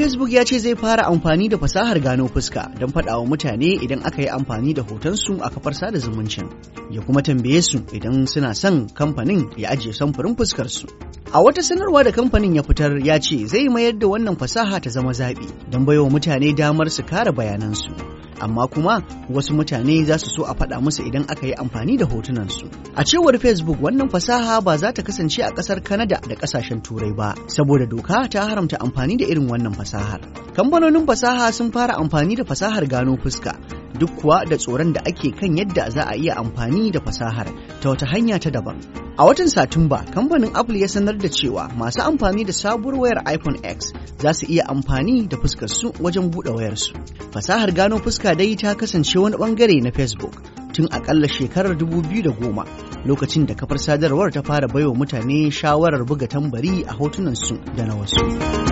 Facebook ya ce zai fara amfani da fasahar gano fuska don faɗawa mutane idan aka yi amfani da hotonsu a kafar sada zumuncin, ya kuma tambaye su idan suna son kamfanin ya ajiye samfurin fuskarsu. A wata sanarwa da kamfanin ya fitar ya ce zai mayar da wannan fasaha ta zama zaɓi don baiwa mutane damar su kare bayanansu. amma kuma wasu mutane za su so a faɗa musu idan aka yi amfani da hotunansu. A cewar Facebook wannan fasaha ba za ta kasance a ƙasar Kanada da ƙasashen Turai ba, saboda doka ta haramta amfani da irin wannan fasahar. Kamfanonin fasaha sun fara amfani da fasahar gano fuska duk kuwa da tsoron da ake kan yadda za a iya amfani da fasahar ta wata hanya ta daban. A watan Satumba, kamfanin Apple ya sanar da cewa masu amfani da sabuwar wayar iPhone X za su iya amfani da fuskar su wajen buɗe wayarsu. Fasahar gano fuska dai ta kasance wani ɓangare na Facebook tun akalla shekarar 2010 lokacin da kafar sadarwar ta fara baiwa mutane shawarar buga tambari a hotunan su da na wasu.